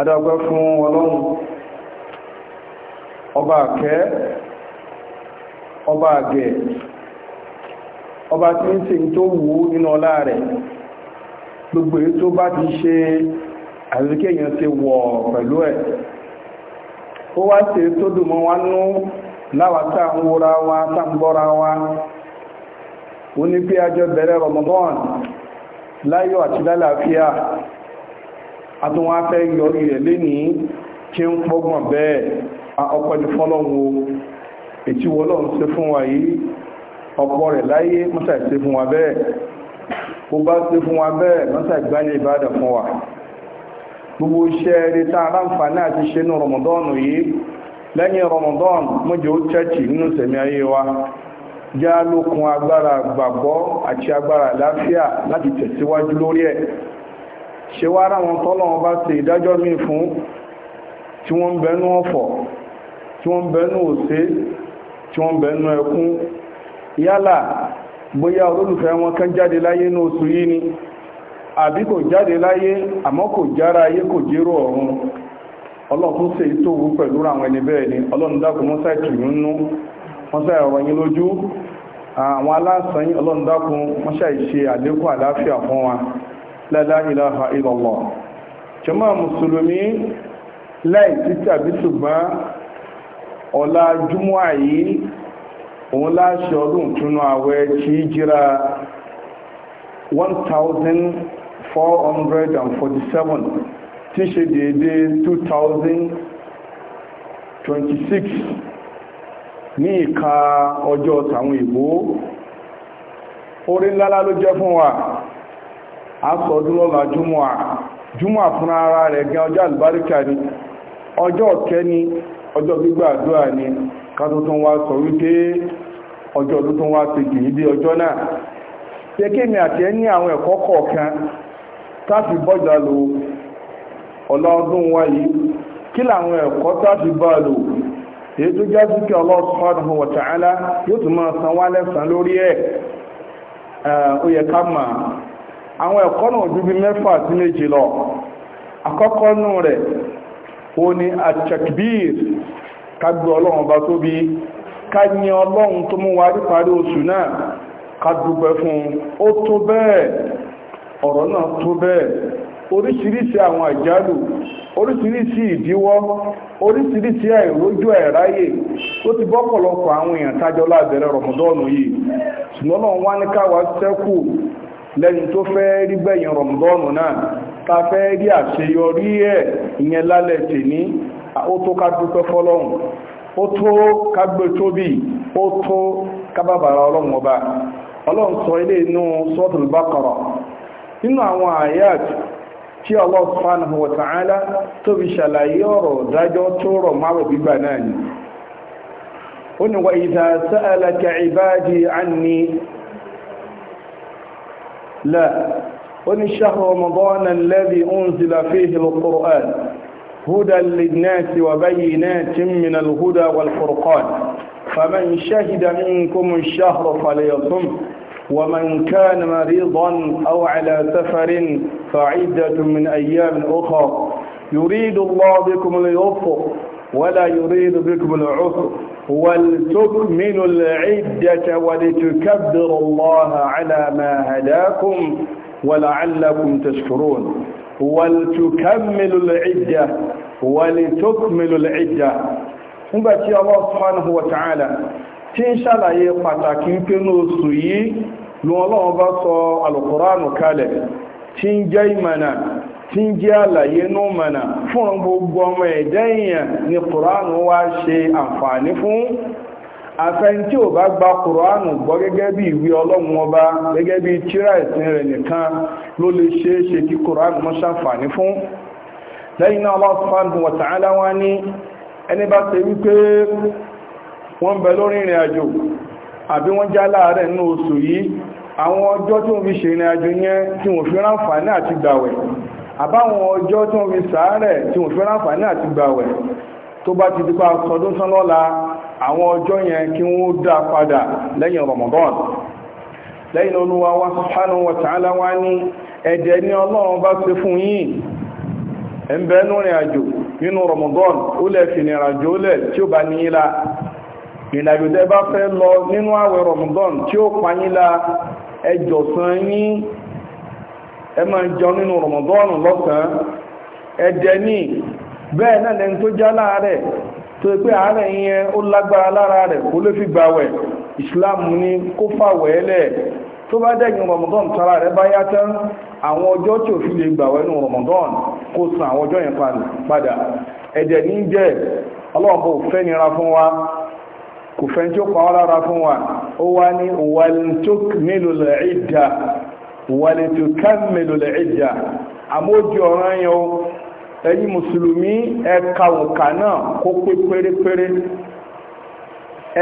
adágbẹ́ fún ọlọ́run ọba àkẹ́ ọba àgẹ̀ ọba tí ń ṣe tó wù nínú ọlá rẹ̀ gbogbo èyí tó bá ti ṣe àríkẹ́ ti wọ̀ pẹ̀lú ẹ̀ ó wá ṣe tó dùnmọ́ wá nú láwátá ń wúra wá wá ó ní pé ajọ́ bẹ̀rẹ̀ Ramadan láyọ̀ àti lálàáfíà àtúnwọ́n afẹ́ yọrí rẹ̀ lénìí kí ń pọ́gbọ̀n bẹ́ẹ̀ ọpẹ́ fọ́lọ́wọ́ ètí wọ́lọ́run ṣe fún wa yìí ọ̀pọ̀ rẹ̀ láyé mọ́sà ṣe fún wa bẹ́ẹ̀ ó bá ṣe fún wa bẹ́ẹ̀ mọ́sà ìgbáyé ìbádà fún wa gbogbo iṣẹ́ rí tá aláǹfààní àti ṣe ní rọmọdọ́ọ̀nù yìí lẹ́yìn rọmọdọ́ọ̀nù mọ́jọ́ ó chẹ́ẹ̀chì nínú sẹ̀mí ayé wa já lókun agbára gbàgbọ́ àti agbára àláfíà láti tẹ̀síwájú lórí ẹ̀ ṣe wá ara wọn tọ́lọ́wọ́n bá ṣe ìdájọ́ míì fún tí wọ́n ń bẹnu ọ̀fọ̀ tí wọ́n ń bẹnu òṣè tí wọ́n ń bẹnu ẹkún yálà bóyá wọn jáde láyé ní oṣù yìí ni àbí kò jáde láyé àmọ́ kò jára ayé kò jérò ọ̀run ọlọ́run ṣe ìtòwú pẹ̀lú àwọn ẹni bẹ́ẹ̀ ni ọlọ́run dákun nú ọ̀rọ̀ yín lójú àwọn ọlọ́run dákun la ilaha illallah jàmá mùsùlùmí láì sí tàbí ṣùgbọ́n ọ̀la júmọ́ àyí òun láṣẹ ọdún túnú àwẹ̀ tí jíra 1447 tí ṣe dédé 2026 ní ìka ọjọ́ tàwọn ìbò orí ńlá ló jẹ́ fún wa àsọdún lọ́la júmọ́ à júmọ́ àfúnra ara rẹ̀ gan ọjọ́ àlùbáríkà ni ọjọ́ ọ̀kẹ́ ni ọjọ́ gbígbà àdúrà ni kátó wá sọ wípé ọjọ́ ọdún wá ti kìí dé ọjọ́ náà ṣe àti ẹni àwọn ẹ̀kọ́ kọ̀ọ̀kan táàfi bọ́jà lò ọlọ́ọdún wáyé kí làwọn ẹ̀kọ́ táàfi bá lò èyí tó já sí kí Allah yóò tún àwọn ẹ̀kọ́ náà ju bí mẹ́fà sí lọ àkọ́kọ́ nù rẹ̀ ó a kagbe ọlọ́run bá tóbi ka ní ọlọ́run tó mú wa rí oṣù náà ká fún ó tó bẹ́ẹ̀ ọ̀rọ̀ náà tó bẹ́ẹ̀ oríṣiríṣi àwọn àjálù oríṣiríṣi ìdíwọ́ oríṣiríṣi àìrójú tó ti bọ́pọ̀lọpọ̀ àwọn èèyàn rọ̀mọdọ́ọ̀nù yìí lẹ́yìn tó fẹ́ rí gbẹ̀yìn rọ̀mùdọ́nù náà ta fẹ́ rí àṣeyọrí ẹ̀ ìyẹn lálẹ́ tèní ó tó ká dúpẹ́ fọ́lọ́hun ó tó ká gbé tóbi ó tó ká bàbàrà ọlọ́run ọba ọlọ́run sọ ilé inú sọ́tùl bákọ̀rọ̀ nínú àwọn àyàt tí Allah subhanahu wa ta'ala tó fi ṣàlàyé ọ̀rọ̀ dájọ́ tó rọ̀ máwẹ̀ gbígbà náà ni ó ní wa idha sa'alaka ibadi لا ومن شهر رمضان الذي أنزل فيه القرآن هدى للناس وبينات من الهدى والفرقان فمن شهد منكم الشهر فليصم ومن كان مريضا أو على سفر فعدة من أيام أخرى يريد الله بكم اليسر ولا يريد بكم العسر ولتكملوا العدة ولتكبروا اللَّهَ عَلَى مَا هَدَاكُمْ ولعلكم تشكرون ولتكملوا الْعِدَّةَ ولتكملوا الْعِدَّةَ nígbàtí Allah subhanahu wa ta'ala tí ń ṣàlàyé pàtàkì ń pé ní oṣù yìí lọ́wọ́n bá sọ alùkùránù kalẹ̀ tí ń jẹ́ ìmànà tí ń jẹ́ àlàyé ní mọ̀nà fún gbogbo ọmọ ẹ̀dẹ́ èèyàn ni kùránù wá ṣe àǹfààní fún afẹ́ni tí ò bá gba kùránù gbọ́ gẹ́gẹ́ bí ìwé ọlọ́run ọba gẹ́gẹ́ bí tírà ìsìn rẹ̀ nìkan ló lè ṣe é ṣe kí kùránù mọ́ ṣàǹfààní fún lẹ́yìn náà Allah subhanahu fi àbáwọn ọjọ́ tí wọ́n fi sàárẹ̀ tí wọ́n fi ráǹfààní àti gbàwẹ̀ tó bá ti dípa sọdún tán lọ́la àwọn ọjọ́ yẹn kí wọ́n dá padà lẹ́yìn Ramadan lẹ́yìn olúwa wá subhanahu wa ta'ala wá ní ẹ̀dẹ̀ ní ọlọ́run bá ṣe fún yín ẹ̀m̀bẹ̀ rìn àjò nínú Ramadan ó lẹ̀ fi rìn àjò ó lẹ̀ tí ó bá níyílá ìrìnàjò tẹ́ bá fẹ́ lọ nínú àwẹ̀ Ramadan tí ó pa níyílá ẹjọ̀sán yín ẹ máa jẹun nínú rọmọdọ́ọ̀nù lọ́sàn ẹ̀dẹ̀ ní bẹ́ẹ̀ náà tó já láàárẹ̀ tó pé àárẹ̀ yẹn ó lágbára lára rẹ̀ kó lè fi wẹ̀ islam ní kó fàwẹ̀ lẹ̀ tó bá dẹ̀yìn rọmọdọ́ọ̀nù tara rẹ̀ bá yá tán àwọn ọjọ́ tí ò fi lè kó san àwọn ọjọ́ yẹn padà ẹ̀dẹ̀ ní jẹ́ ọlọ́ọ̀bù fẹ́ nira fún wa kò fẹ́ pa ọ́ lára fún wa ó wá ní mélòó walitu kammelu le ija amo jɔran yi o eyi musulumi ɛkawun kana kokoe perepere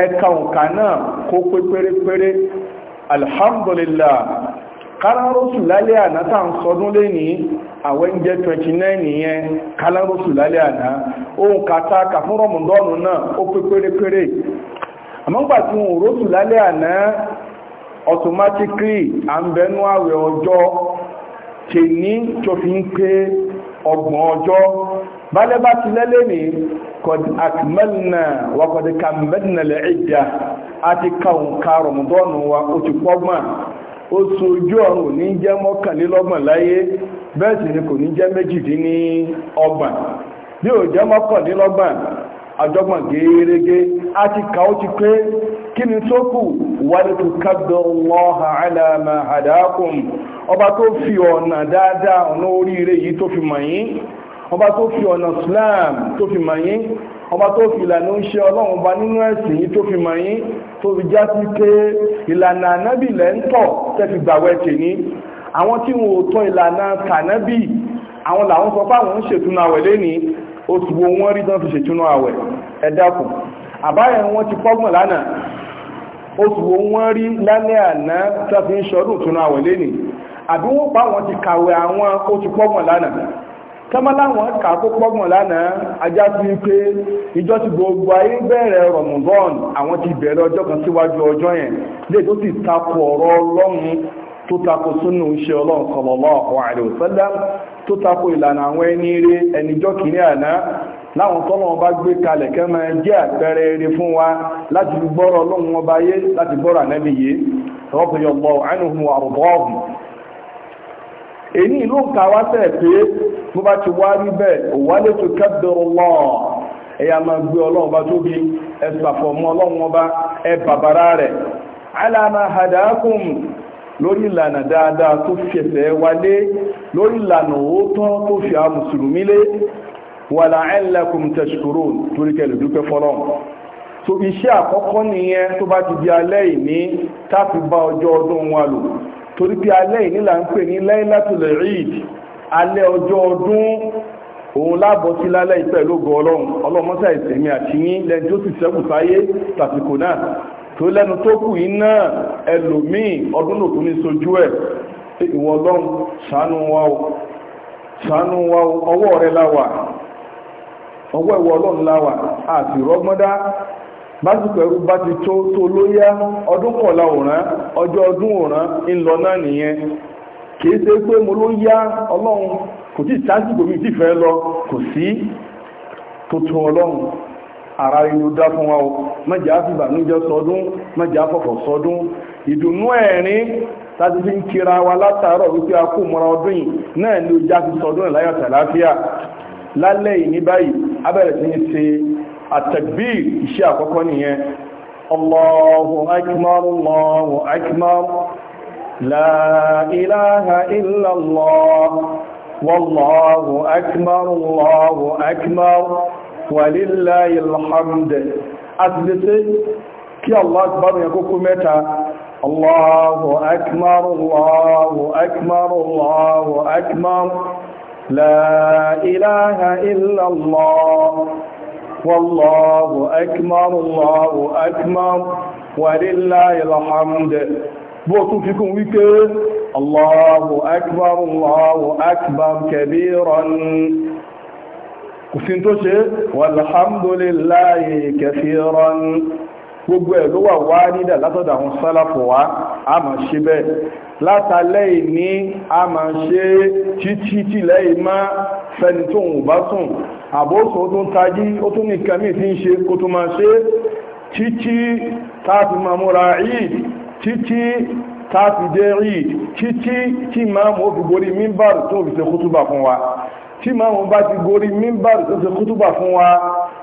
ɛkawun kana kokoe perepere alhamdulilah kalanrosu lalẹ ana ta n sɔdun le ni awon jɛ twenty nine niyɛn kalanrosu lalẹ ana ohun kata kafun rɔmudɔnu na o pe perepere amagbati ohun rosu lalẹ automatically àmbẹ̀nú àwẹ̀ ọjọ́ tè ní tó fi ń pé ọgbọ̀n ọjọ́ bálẹ́ bá ti lẹ́lẹ́ ní kọ̀dí wà kọ̀dí lẹ́ẹ̀dà wa ó ti pọ́gbọ̀n ó sojú ọ̀run ní jẹ́ mọ́kànlélọ́gbọ̀n láyé bẹ́ẹ̀ sì ni kò ní jẹ́ bí ò jẹ́ mọ́kànlélọ́gbọ̀n àjọgbọ̀n gẹ́gẹ́rẹ́gẹ́ àti kà ó ti pé kí ni tó kù wàlùkàdọ̀ lọ́ha àlàmà àdákùn ọba tó fi ọ̀nà dáadáa ọ̀nà oríire yìí tó fi mọ̀ yín ọba tó fi ọ̀nà Islam tó fi mọ̀ yín ọba tó fi ìlànà ń ṣe ọlọ́run ọba nínú ẹ̀sìn yìí tó fi mọ̀ yín tó fi já sí pé ìlànà ànábì lẹ́ tẹ́ fi gbàwẹ̀ tè ní àwọn tí wọn ò tọ̀ ìlànà tànábì àwọn làwọn sọ fáwọn ń ṣètúnú àwẹ̀ lẹ́ni oṣù wo wọ́n rí tán fi ṣètúnú àwẹ̀ ẹ dákun wọn ti pọ́gbọ̀n lánàá oṣù wo wọ́n rí lálẹ́ àná tó fi ń ṣọdún ìtúnu àwẹ̀ lẹ́nì àbí wọ́n pa àwọn ti kàwé àwọn oṣù pọ́gbọ̀n lánàá tọ́mọ́láwọn kà kó pọ́gbọ̀n lánàá ajá sí pé ìjọ ti gbogbo ayé bẹ̀rẹ̀ rọ̀mùbọ́n àwọn ti bẹ̀rẹ̀ ọjọ́ kan síwájú ọjọ́ yẹn lè tó sì takò ọ̀rọ̀ ọlọ́run tó tako súnú iṣẹ́ ọlọ́run sallallahu alaihi wasallam tó tako ìlànà àwọn ẹni rẹ̀ ẹnijọ́ kìíní àná láwọn tọ́lọ́wọ́n bá gbé kalẹ̀ kẹ́ máa jẹ́ àpẹẹrẹ eré fún wa láti gbọ́rọ̀ ọlọ́run ọba yé láti gbọ́rọ̀ ànábì yé rọ́pìyọ̀pọ̀ àánúhùn àrùbọ́ọ̀gùn èyí ló ń ka wá sẹ́ẹ̀ pé bó bá ti wá rí bẹ́ẹ̀ òwálé tó kẹ́bẹ̀rọ lọ ẹ̀yà máa gbé ọlọ́run bá tóbi ẹ ṣàfọ̀mọ́ ọlọ́run ọba ẹ bàbàrà rẹ̀ alama hadakum lórí ìlànà dáadáa tó fẹsẹ̀ wálé lórí ìlànà òótọ́ tó fi àwọn mùsùlùmí lé wàlàẹ́lẹ́kùn tẹ̀ṣkúrò toríkẹ̀lù dúpẹ́ fọ́lọ́n so iṣẹ́ àkọ́kọ́ nìyẹn tó bá ti di alẹ́ ìní táàfi bá ọjọ́ ọdún wa lò torí pé alẹ́ ìní là ń pè ní Laylatul Eid alẹ́ ọjọ́ ọdún òun láàbọ̀ sí lálẹ́ ìpẹ̀lú ògo ọlọ́run ọlọ́mọ́sá ìsẹ̀mí àti yín lẹ́ni tó sì sẹ́kù sáyé tàsìkò náà tó lẹ́nu tó kù yín náà ẹlòmíì ọdún lòkùn ní sojú ẹ̀ ìwọ̀n ọlọ́run ṣàánú wa ọwọ́ rẹ̀ láwà ọwọ́ ìwọ ọlọ́run láwà àti rọ́gbọ́ndá básìkò ẹrú bá ti tó tó lóyá ọdún kọ̀ọ̀la ọjọ́ ọdún òrán ń lọ náà nìyẹn kìí ṣe pé mo ló yá ọlọ́run kò tí ìtàsìkò fẹ́ lọ kò sí tó ara inú dá fún wa o sọdún sọdún ìdùnnú ẹ̀rín láti fi ń kira wa látàárọ̀ wípé a kò ọdún yìí náà ni ó já sọdún abẹ́rẹ̀ sí ṣe àtàgbìr iṣẹ́ àkọ́kọ́ nìyẹn Allahu akbar Allahu akbar la ilaha illa Allah wallahu akbar Allahu akbar walillahi alhamd àtìlẹ́sẹ́ kí Allah akbar yẹn kókó mẹ́ta Allahu akbar Allahu akbar Allahu akbar لا إله إلا الله والله أكبر الله أكبر ولله الحمد بوتو فيكم ويكي الله أكبر الله أكبر كبيرا كسنتوشي والحمد لله كثيرا gbogbo ẹ̀ ló wà wá nídà látọ̀dọ̀ àwọn sálàfò wá a máa ṣe bẹ́ẹ̀ látàlẹ́ ìní a máa ṣe títí tìlẹ́ ìmá fẹni tó ń bá sùn àbóso tó ń tají ó tún nìkan míì tí ń ṣe kó tó máa ṣe títí táàfi máa múra Eid títí táàfi dé Eid títí tí máa mú òfin borí mímbàrù tó fi ṣe kútúbà fún wa tí máa mú bá ti gorí mímbàrù tó ṣe kútúbà fún wa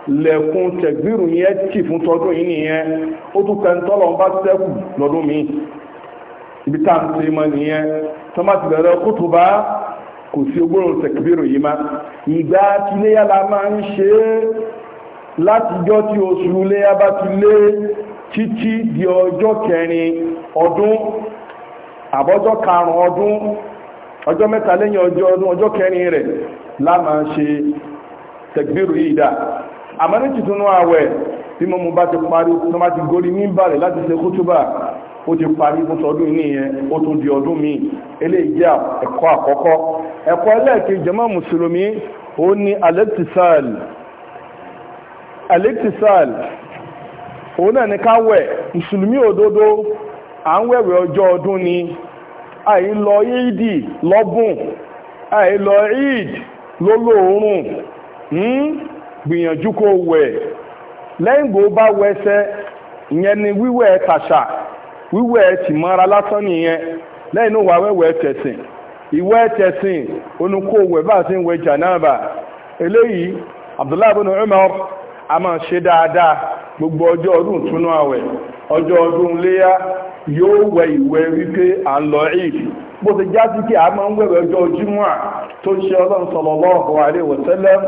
lẹ̀kùn tẹ̀gbìrù yẹn tì fún tọdún yìí nìyẹn ó tún kẹ́ ń tọ́lọ̀ ń bá sẹ́kù lọ́dún mi ibi tá à ń ṣe nìyẹn tó má ti bẹ̀rẹ̀ kútùbá kò sí ogbóòrùn tẹ̀gbìrù yìí má ìgbà tiléyà la máa ń ṣe é látijọ́ tí oṣù léyà bá ti lé títí di ọjọ́ kẹrin ọdún àbọ́jọ́ karùn-ún ọdún ọjọ́ mẹ́ta lẹ́yìn ọjọ́ ọdún ọjọ́ kẹrin rẹ̀ la máa ń ṣe tẹ̀gbìrù yìí dáa àmọ́ ní tìtúnú àwẹ̀ bí mo mú bá ti parí tó má ti gorí ní bàrẹ̀ láti ṣe kútúbà ó ti parí fún sọdún ní ìyẹn ó tún di ọdún míì eléyìí jẹ́ ẹ̀kọ́ àkọ́kọ́ ẹ̀kọ́ ẹlẹ́ẹ̀kejì jàmáà mùsùlùmí ó ní al òun náà ní káwẹ̀ mùsùlùmí òdodo à ń wẹ̀wẹ̀ ọjọ́ ọdún ni àì lọ ìdì lọ́bùn àì lọ ìd lólóòórùn hmm? gbìyànjú kó wẹ̀ lẹ́yìn gbò bá wẹsẹ̀ ìyẹn ni wíwẹ̀ tàṣà wíwẹ̀ tìmọ́ra lásán nìyẹn lẹ́yìn náà wà wẹ̀wẹ̀ tẹ̀sìn ìwẹ̀ tẹ̀sìn onukọ̀wẹ̀ bá a ti ń wẹ̀ jànáàbà eléyìí Abdullahi bin Umar a máa ṣe dáadáa gbogbo ọjọ́ ọdún túnú àwẹ̀ ọjọ́ ọdún léyá yóò wẹ ìwẹ̀ wípé à ń lọ ìd bó ti já sí kí a máa ń wẹ̀wẹ̀ ọjọ́ Jímọ̀ tó ń ṣe Ọlọ́run sallallahu alaihi wasallam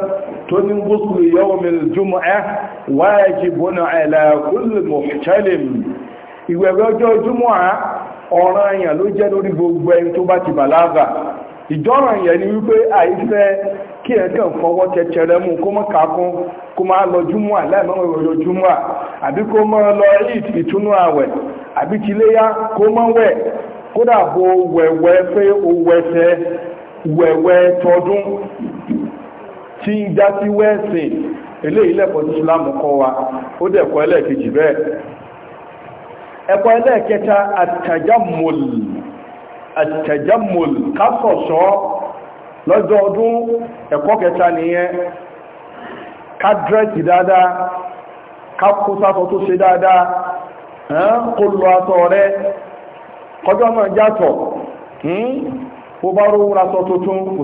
تنين غسل يوم الجمعة واجب على كل محتلم ìwẹ̀wẹ̀ ọjọ́ jùmọ́à ọ̀ràn èèyàn ló jẹ́ lórí gbogbo ẹni tó bá ti bàlágà ìjọ́ràn èèyàn ni wípé àìfẹ́ kí ẹ̀kàn fọwọ́ tẹ̀tẹ̀rẹ mú kó mọ́ kàkún kó máa lọ jùmọ́à láìmọ́wẹ̀ ọjọ́ jùmọ́à àbí kó mọ́ lọ eid ìtúnú àwẹ̀ àbí tiléyá kó mọ́ wẹ̀ kódà bo wẹ̀wẹ̀ pé ó wẹ̀sẹ̀ wẹ̀wẹ̀ tọdún tí ń já sí wẹ́ẹ̀sìn ilé ilẹ̀kọ̀ tí islamu kọ́ wa ó dẹ̀kọ́ ẹlẹ́ẹ̀kejì bẹ́ẹ̀ ẹ̀kọ́ ẹlẹ́ẹ̀kẹta àtàjámùl kásọ̀ṣọ́ lọ́jọ́ ọdún ẹ̀kọ́ kẹta nìyẹn ká dírẹ́sì dáadáa ká kó sásọ tó ṣe dáadáa kó lọ aṣọ rẹ kọjọ́ náà játọ̀ bó bá rówó aṣọ tuntun kò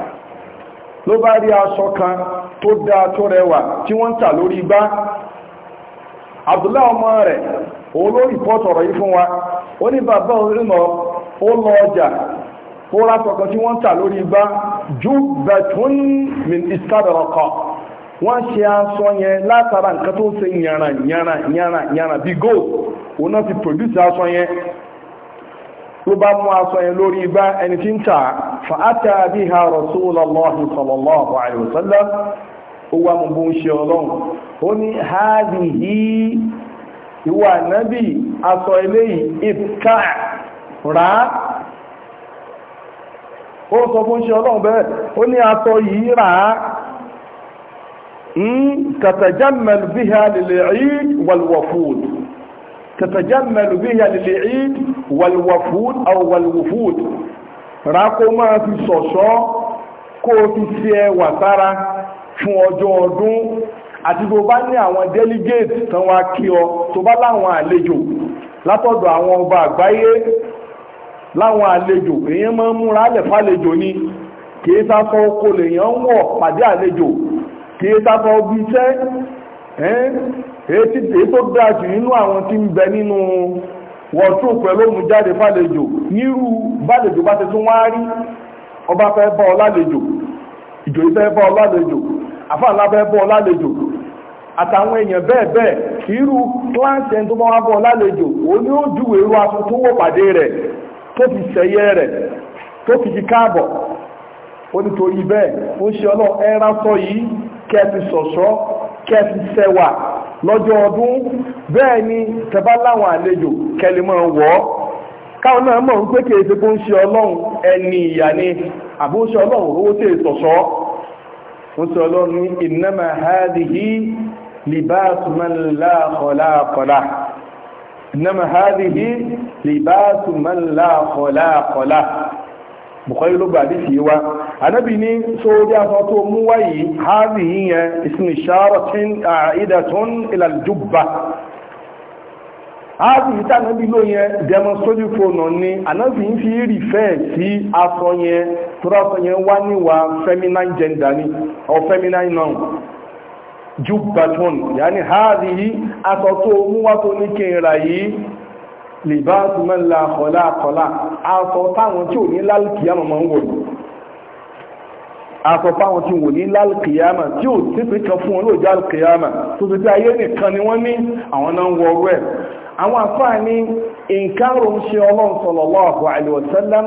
ló bá rí aṣọ kan tó dáa tó rẹwà tí wọ́n ń tà lórí igbá Abdullahi ọmọ rẹ̀ o ló rìpọ́tù ọ̀rọ̀ yìí fún wa ó ní bàbá òrìnà ó lọ ọjà ó rásọ tí wọ́n ń tà lórí igbá ju bẹ̀tún min wọ́n ló bá mú aṣọ yẹn lórí igbá ẹni tí ń tà fa ata biha rasulullahi sallallahu alaihi wasallam ó wá mú bó ń ṣe ọlọ́run ó ní hádìhí ìwà nábì aṣọ eléyìí ìfká rà á ó sọ bó ń ṣe ọlọ́run bẹ́ẹ̀ ó ní aṣọ yìí rà á ń hmm, tàtàjámẹ́lì bíhá lil eid wal wafud tẹ̀tẹ̀jẹ́mẹ̀lú bí ìyà lè rí wàlúwàfúd àwọ̀wàlúwàfúd ra kó máa fi ṣọ̀ṣọ́ kó o fi sí ẹwà sára fún ọjọ́ ọdún àti tó bá ní àwọn delegate tán wá kí ọ tó bá láwọn àlejò látọ̀dọ̀ àwọn ọba àgbáyé láwọn àlejò èèyàn máa ń múra lẹ̀ fàlejò ni kì í sáfọ́ oko lèèyàn ń wọ̀ pàdé àlejò kì í sáfọ́ bí iṣẹ́ èyí èyí tó dáa jù nínú àwọn tí ń bẹ nínú wọ̀tún pẹ̀lú òun jáde fàlejò nírú bàlejò bá ti tún wá rí ọba fẹ́ bọ́ ọ lálejò ìjòyè fẹ́ bọ́ ọ lálejò àfààlà fẹ́ bọ́ ọ lálejò àtàwọn èèyàn bẹ́ẹ̀ bẹ́ẹ̀ irú kíláǹsì ẹni tó bá wá bọ́ ọ lálejò ó ní ó júwèé irú aṣọ tó wọ̀ pàdé rẹ̀ tó fi ṣẹ̀yẹ rẹ̀ tó fi fi káàbọ̀ ó nítorí bẹ́ẹ̀ ó ń ṣe ọlọ́ ẹran sọ yìí kẹ́ẹ̀ fi ṣọ̀ṣọ́ kẹ́ẹ̀ fi ṣẹwà lọ́jọ́ ọdún bẹ́ẹ̀ ni tẹ́bá láwọn àlejò kẹ́lẹ́ máa wọ̀ ọ́ káwọn náà mọ̀ ń pé kì í ṣe kó ń ṣe ọlọ́run ẹni ìyà ni àbó ń ṣe ọlọ́run owó tè sọ̀sọ́ ń ṣe ọlọ́run ní innama hadhihi libaasu man la khalaqa lah bùkọ́lé ló gbà díìsì wá anábì ní sórí aṣọ tó mú wáyé hábì yíyẹn ìsinmi ṣàárọ̀ tí àìdà tó ń ìlàjúbà hábì yìí tànábì ló yẹn demonstrate fóònù ní anábì ń fi rí fẹ́ sí aṣọ yẹn tó aṣọ yẹn wá níwà feminine gender ni or feminine noun jubbatun yàní hábì yìí aṣọ tó mú wá tó ní kí libaasu man la kọlá kọlá aṣọ táwọn tí ò ní lálùkìyàmọ̀ máa ń wọ̀ ní aṣọ táwọn tí wò ní lálùkìyàmọ̀ tí ò sípè kan fún wọn lóòjá lùkìyàmọ̀ tó ti pé ayé nìkan ni wọ́n ní àwọn náà ń wọ ọwọ́ ẹ̀ àwọn àfáà nǹkan rò ń ṣe ọlọ́run sallallahu alaihi wasallam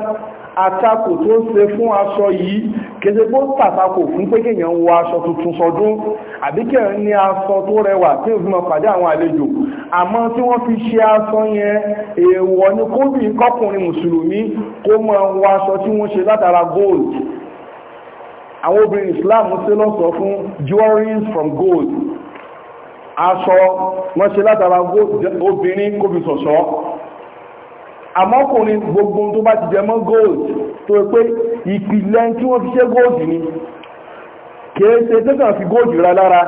àtakò tó ń ṣe fún aṣọ yìí kéde bó tàtakò fún pé kéèyàn ń wọ aṣọ tuntun sọdún àbí kéèyàn ní aṣọ tó rẹwà tí ò fi mọ pàdé àwọn àlejò àmọ́ tí wọ́n fi ṣe aṣọ yẹn èèwọ̀ ni kóbìnrin kọkùnrin mùsùlùmí kó máa wọ aṣọ tí wọ́n ṣe látara gold àwọn obìnrin Islam ṣe lọ́sọ̀ fún jewelries from gold aṣọ wọ́n ṣe látara obìnrin kóbi sọ̀ṣọ́ àmọ́kùnrin gbogbo tó bá ti jẹmọ́ gold tó pé ìpìlẹ̀ tí wọ́n fi ṣe gold ni kìí ṣe tẹ́kàn fi gold ra lára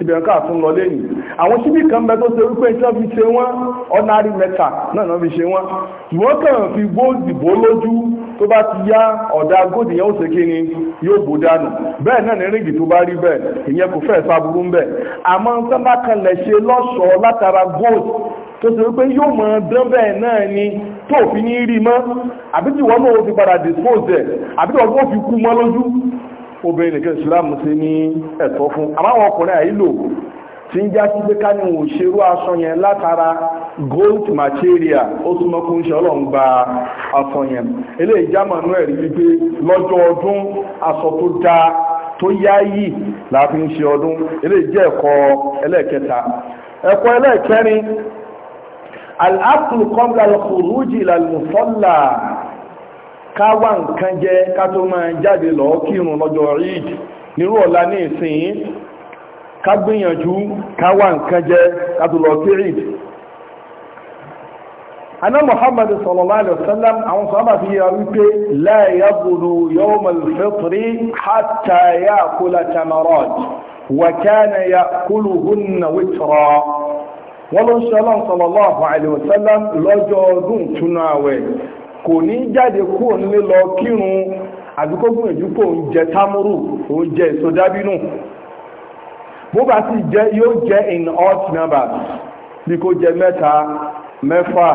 ibẹ̀rún káà tún lọ lẹ́yìn àwọn ṣíbí kan bẹ tó ṣe wípé iṣẹ́ fi ṣe wọ́n ordinary metal náà náà fi ṣe wọ́n ṣùgbọ́n kàn fi gold bó lójú tó bá ti yá ọ̀dà gold yẹn ó ṣe kí ni yóò bò dànù bẹ́ẹ̀ náà ní ríngì tó bá rí bẹ́ẹ̀ ìyẹn kò fẹ́ẹ̀ sáburú ń bẹ̀ àmọ́ sábà kan lẹ̀ ṣe lọ́ṣọ̀ọ́ látara gold tó ti wípé yóò mọ̀ dánbẹ̀ náà ni tó fi ní rí mọ́ àbí tí wọ́n náà fi padà dispose ẹ̀ àbí tí wọ́n tó fi kú mọ́ lójú obìnrin nìkan ìsìlámù sí ní ẹ̀tọ́ fún àmáwọn ọkùnrin àìlò tí ń já sí pé ká ní òun ṣerú aṣọ yẹn látara gold material ó súnmọ́ kó ń ṣe ọlọ́run gba aṣọ yẹn eléyìí jámọ̀ nú ẹ̀rí wípé lọ́jọ́ ọdún aṣọ tó dáa tó yáyì láti ń ṣe ọdún eléyìí jẹ́ ẹ̀kọ́ ẹlẹ́ẹ̀kẹta ẹ̀kọ́ ẹlẹ́ẹ̀kẹrin al-aklu qabla al-khuruj ila al-musalla ká wá nǹkan jẹ ká tó máa jáde lọ kírun lọ́jọ́ eid nírú ọ̀la ní ìsìn ká gbìyànjú ká wá nǹkan jẹ ká tó lọ sí eid aná muhammadu sallallahu alaihi wasallam àwọn sábà wọ́n ló ń ṣe ọlọ́run sallallahu alaihi wasallam lọ́jọ́ ọdún ìtúnu àwẹ̀ kò ní jáde kúrò nílé lọ kírun àdúgbògùn ìdúgbò ń jẹ támúrù ó jẹ èso dábínú bó bá sì jẹ yóò jẹ in odd numbers bí kò jẹ mẹ́ta mẹ́fà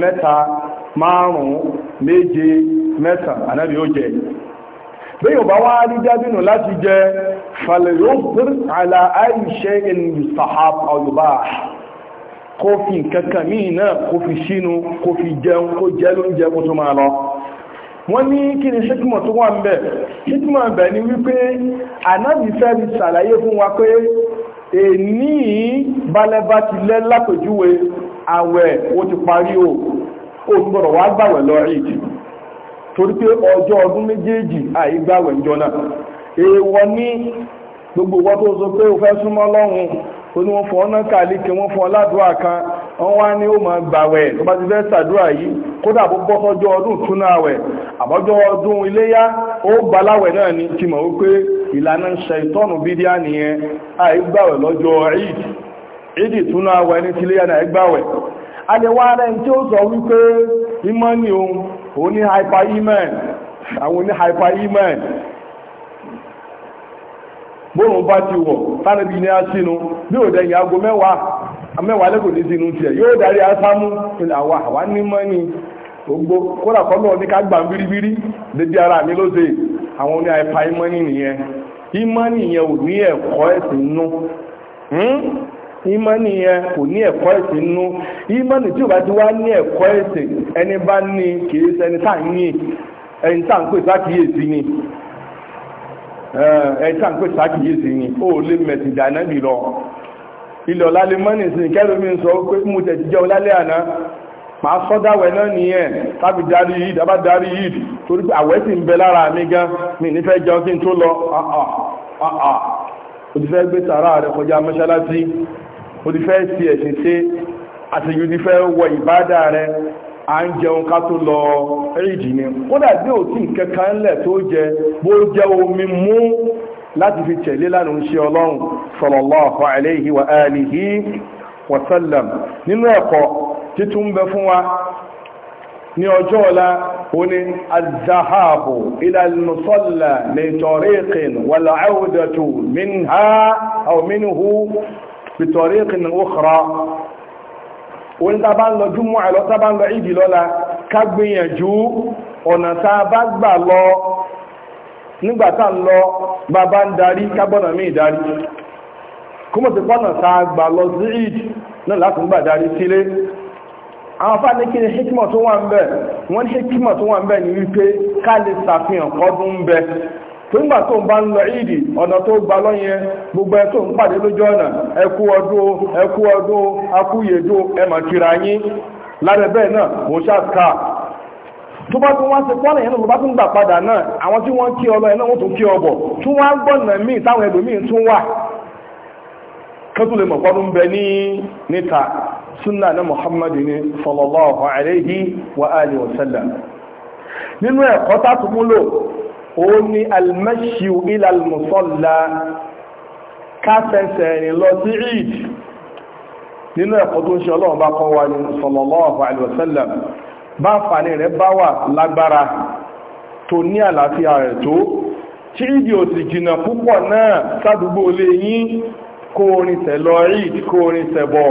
mẹ́ta márùn méje mẹ́sàn ànábì ó jẹ bẹ́yìn bá wá rí dábìnù láti jẹ fàlẹ̀ yóò pín àlà àìṣe ìlú sahab ọ̀yùbá kó fi nǹkankan míì náà kó fi sínú kó fi jẹun kó jẹ lóúnjẹ kó tó máa lọ wọ́n ní kí ni ṣíkìmọ̀ tó wà ń bẹ̀ ṣíkìmọ̀ bẹ̀ ni wípé ànábì fẹ́ fi ṣàlàyé fún wa pé èní balẹ̀bá ti lẹ́ lápèjúwe àwẹ̀ ó ti parí o ó ti gbọ́dọ̀ wá gbàwẹ̀ lọ rí torí pé ọjọ́ ọdún méjèèjì àìgbàwẹ̀ ìjọ náà èèwọ̀ ní gbogbo wọ́n tó sọ pé ó fẹ́ súnmọ́ lọ́hùn ó ní wọ́n fọ́ ọ́nà kan wọ́n wá ní ó máa gbàwẹ̀ tó bá ti fẹ́ sàdúrà yìí kódà bó ọdún àbọ́jọ́ ọdún iléyá ó gbaláwẹ̀ náà ní ti mọ̀ wípé ìlànà bídíà nìyẹn àìgbàwẹ̀ lọ́jọ́ eid ní ti náà gbàwẹ̀ rẹ̀ wípé ni òun ní bóun bá ti wọ̀ tánàbí ní aṣínú bí òde ìyá aago mẹ́wàá amẹ́wàá lẹ́kọ̀ọ́ ní sínú tiẹ̀ yóò darí asámú ilẹ̀ àwa àwa ní mọ́ni gbogbo kódà kọ́ lọ́ọ̀ ní ká gbà bíríbírí ara mi ló àwọn oní àìpa ìmọ́ni nìyẹn ìmọ́ni yẹn ò ní ẹ̀kọ́ ẹ̀sìn nú hmm? ìmọ́ni yẹn kò ní ẹ̀kọ́ ẹ̀sìn nú ìmọ́ni tí ò bá ti wá ní ẹ̀kọ́ ẹ̀sìn ẹni bá ní kìí ṣẹni tá ẹni tá ń pè sákìyèsí ni ẹ̀ẹ́ta ń pè sàkíyèsí ni ó lè mẹ̀sìn dáná bì lọ ilẹ̀ ọ̀lálẹ́ mọ́nì sí kẹ́lómi ń sọ pé mú tẹ̀ jẹ́ ọ̀lálẹ́ àná máa sọ́dáwẹ̀ náà nìyẹn tàbí darí yìí dábá darí yìí torí pé àwẹ̀ sì ń bẹ lára mi gan mi nífẹ̀ẹ́ jẹun kí n tó lọ ó ah, ah, ah, ti fẹ́ gbé sàárà rẹ̀ kọjá mọ́ṣáláṣí ó ti fẹ́ sí ẹ̀sìn ṣe àtẹ̀yù ti fẹ́ wọ ìbádà à ń jẹun ká tó lọ ríjì ni kódà bí ò tí nǹkan kan lẹ̀ tó jẹ bó jẹ́ omi mú láti fi tẹ̀lé lánàá ń ṣe ọlọ́run sallallahu alayhi wa alihi wa sallam nínú ẹ̀kọ́ títún bẹ fún wa ní ọjọ́ ọ̀la ó ní azahabu ila al-musalla li tariqin wal 'awdatu òun tá bá ń lọ júmọ́ àlọ́ tá bá ń lọ ìdí lọ́la ká gbìyànjú ọ̀nà tá a bá gbà lọ nígbà tá ń lọ bàbá ń darí kábọ̀nà míì darí kó mọ̀ sí pọ́nà tá gbà lọ sí ìdí náà láti gbà darí sílé àwọn afá kí ni hikmọ̀ tó wà ń bẹ̀ wọ́n ní hikmọ̀ tó wà ń bẹ̀ ní wípé ká lè ṣàfihàn kọ́dún ń bẹ̀ nígbà tó ń bá ń lọ ìdì ọ̀nà tó gba lọ́yẹn gbogbo ẹ tó ń pàdé lójú ọ̀nà ẹ ọdún ọdún yín bẹ́ẹ̀ náà mo ṣàkà tó bá tún wá sí pọ́nà yẹn ló bá tún gbà padà náà àwọn tí wọ́n kí náà wọ́n tún kí tún míì táwọn ẹlòmíì tún wà kẹ́tù níta wa ó ní almashiu ila almusalla káfẹsẹ̀ rìn lọ sí eid nínú ẹ̀kọ́ tó ń ṣe ọlọ́run bá kọ́ wa ní sallallahu alaihi wasallam bá fàní rẹ̀ bá wà lágbára tó ní àlàáfíà rẹ̀ tó tí ìdí ò sì jìnà púpọ̀ náà sádùgbò lè yín kó orin eid kó tẹ̀bọ̀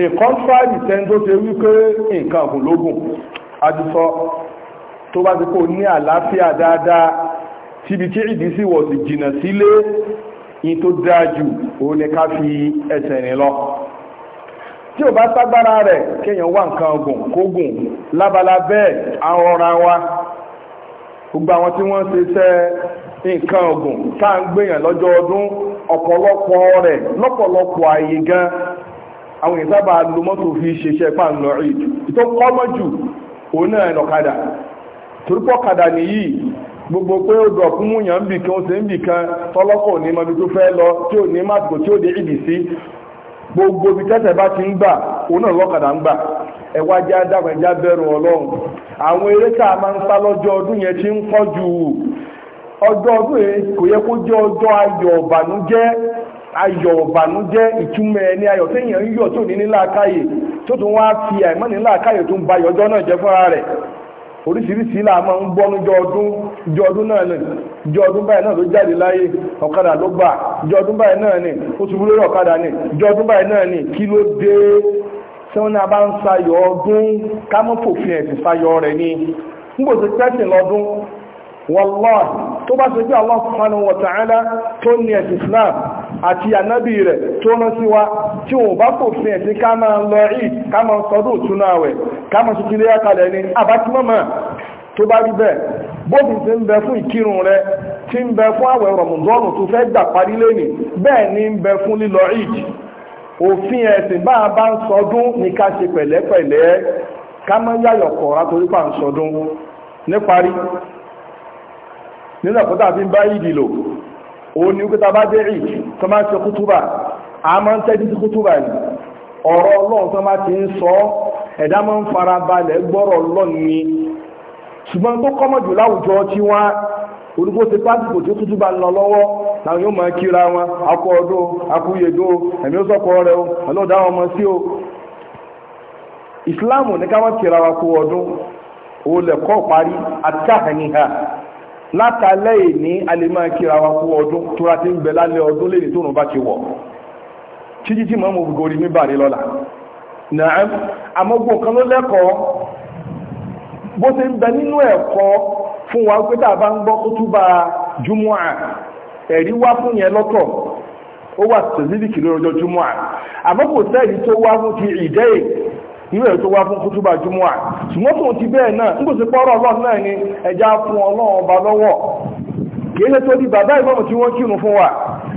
èkọ́ntrárì tẹ́ni tó ṣe wípé nǹkan ọ̀gùn lógùn adúsọ tó bá ti kó ní àlàáfíà dáadáa tíbi tí ìdí sí wọ̀ sí jìnà sílé yìí tó dáa jù òun ni ká fi ẹsẹ̀ rìn lọ tí ò bá ságbára rẹ̀ kéèyàn wá nǹkan ọ̀gùn kógùn lábala bẹ́ẹ̀ àwọn ọ̀ràn wa gbogbo àwọn tí wọ́n ṣe iṣẹ́ nǹkan ọ̀gùn tá à ń gbèyàn lọ́jọ́ ọdún ọ̀pọ̀lọpọ̀ rẹ̀ lọ́pọ̀lọpọ̀ àyè gan àwọn èèyàn sábà fi ṣe iṣẹ́ pa ń kọ́mọ́ jù òun náà ẹ̀nà torípọ̀ kadà nìyí gbogbo pé ó dọ̀ fún múyàn ń bì kan ó sì ń bì kan tọ́lọ́kọ̀ ní tó fẹ́ lọ tí ò ní tí gbogbo ti ń gbà òun náà a máa ń sá lọ́jọ́ ọdún yẹn ti ń ọjọ́ ọdún yẹn kò yẹ kó jẹ́ ọjọ́ ayọ̀ ìbànújẹ́ ìtumọ̀ ẹni ayọ̀ téèyàn ń yọ̀ tó ní nílá làákàyè tó tún wá fi àìmọ́ nílá làákàyè tó ń ba náà jẹ́ fúnra rẹ̀ oríṣiríṣi là máa ń gbọ́ níjọ ọdún ìjọ ọdún náà ni jọ ọdún báyìí náà ló jáde láyé ọ̀kadà ló gbà ìjọ ọdún báyìí náà ni ó ṣubú lórí ọ̀kadà ni ìjọ ọdún báyìí náà ni kí ló dé tí wọ́n náà bá ń ọdún ẹ̀sìn rẹ̀ ni nígbò tó tẹ́sìn lọ́dún wallahi tó bá ṣe bí Allah subhanahu wa ta'ala tó ní ẹ̀sìn Islam àti ànábì rẹ̀ tó rán sí wa tí wọn bá kò fi ẹ̀sìn ká máa lọ eid ká máa sọdún ìtúnú àwẹ̀ ká máa ṣe kílé àkàlẹ̀ ni àbátímọ́mọ́ tó bá rí bẹ́ẹ̀ bófin ti ń bẹ fún ìkírun rẹ ti ń bẹ fún àwẹ̀ rọ̀mùdọ́nù tó fẹ́ gbà parí lẹ́nì bẹ́ẹ̀ ni ń bẹ fún lílọ eid òfin ẹ̀sìn bá a bá ń sọdún ní ká ṣe pẹ̀lẹ́pẹ̀lẹ́ ká mọ́ yáyọ̀ kọ̀ọ̀rá torí pà ń sọdún níparí nínú tàbí ń bá ìdìlò òun ni wípé bá tó máa ṣe kútúbà a máa ń tẹ́jú sí kútúbà yìí ọ̀rọ̀ ọlọ́run tó máa ti ń sọ ẹ̀dá máa ń fara balẹ̀ gbọ́rọ̀ ọlọ́run ni ṣùgbọ́n tó kọ́mọ̀ jù láwùjọ tí wọ́n olùkó ti pásítọ̀ tí kútúbà ń lọ lọ́wọ́ làwọn yóò máa kíra wọn akọ ẹ̀mí ó rẹ o wọn mọ sí o ìsìláàmù ní ká wọ́n kíra wa látàlẹ́ ìní alèmọ́ kíra wa kú ọdún tó rá ti ń bẹ lálẹ́ ọdún lè tó rùn bá ti wọ̀ títí tí mọ́mù gorí mi bà ní lọ́la náà àmọ́gbọ̀n kan ló lẹ́kọ̀ọ́ bó ti ń bẹ nínú ẹ̀kọ́ fún wa pé tàbá ń gbọ́ kútúbà júmọ́à ẹ̀rí wá fún yẹn lọ́tọ̀ ó wà specific lọ́jọ́ júmọ́à àmọ́ ṣùgbọ́n tó ti bẹ́ẹ̀ náà ń gbèsè pọ́rọ̀ ọlọ́run náà ni ẹja fún ọlọ́run ọba lọ́wọ́ kìí ṣe torí bàbá ìmọ̀mù tí wọ́n kírun fún wa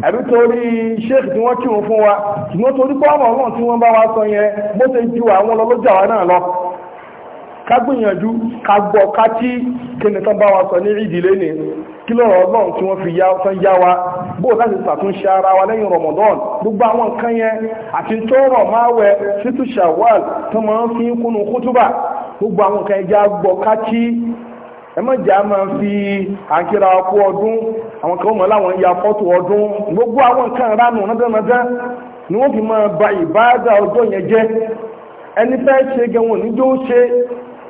àbí torí sheikh tí wọ́n kírun fún wa ṣùgbọ́n torí pọ́rọ̀ ọlọ́run tí wọ́n bá wa sọ yẹn bó ṣe ju àwọn ọlọ́jà wa náà lọ ká gbìyànjú ká gbọ́ ká tí kíni tán bá wa sọ ní ìdílé ni kí lọ́rọ̀ ọlọ́run tí wọ́n fi yá tán yá wa bó láti ṣàtúnṣe ara wa lẹ́yìn Ramadan gbogbo àwọn nǹkan yẹn àti tó rọ̀ máa wẹ títú Shawwal tó máa ń fi kúnnú kútúbà gbogbo àwọn e ẹja gbọ́ kájí ẹ má jà máa fi àkírà awon ọdún àwọn kan mọ̀ láwọn ya fọ́tò ọdún gbogbo àwọn nǹkan ránù nádánáda ni wọ́n fi máa ba ìbáàdà ọjọ́ yẹn jẹ́ ẹni fẹ́ ṣe gẹ̀wọ̀n níjó ṣe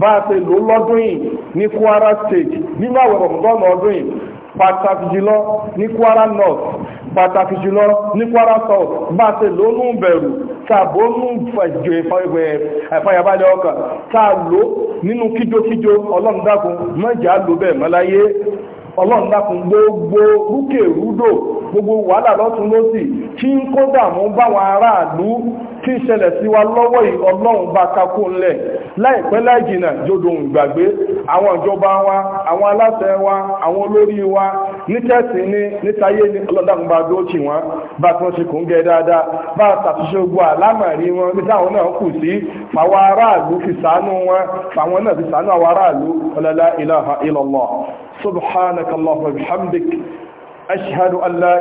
bá a ṣe lò lọ́dún yìí ní Kwara State nínú àwọn ọ̀rọ̀mọ̀dọ́nà ọdún yìí pàtàkì jùlọ ní Kwara North pàtàkì jùlọ ní Kwara South bá a ṣe lò ó nù bẹ̀rù tàbó nù fẹ̀jọ ìfàyàbalẹ̀ ọkàn tá a lò nínú kíjokíjo ọlọ́run dákun mọ́jà lò bẹ́ẹ̀ mọ́láyé ọlọ́run dákun gbogbo rúkèrúdò gbogbo wàhálà lọ́tún lọ́sì tí ń kó dààmú báwọn aráàlú tí ń ṣẹlẹ̀ sí wa lọ́wọ́ yìí ọlọ́run bá kakó ńlẹ̀ láìpẹ́ láì jìnà jòdò ìgbàgbé àwọn ìjọba wa àwọn aláṣẹ wa àwọn olórí wa nítẹ̀sí ní nítayé ní ọlọ́dàgbà dóòtì wọn bá tí wọ́n ṣe kún gẹ́ dáadáa bá ṣàtúnṣe gbọ́ àlámàrí wọn bí táwọn náà kù sí fàwọn aráàlú fi ṣàánú wọn fàwọn náà fi ṣàánú àwọn aráàlú ọlọ́lá ilaha illallah subhanaka wa bihamdik ashhadu an la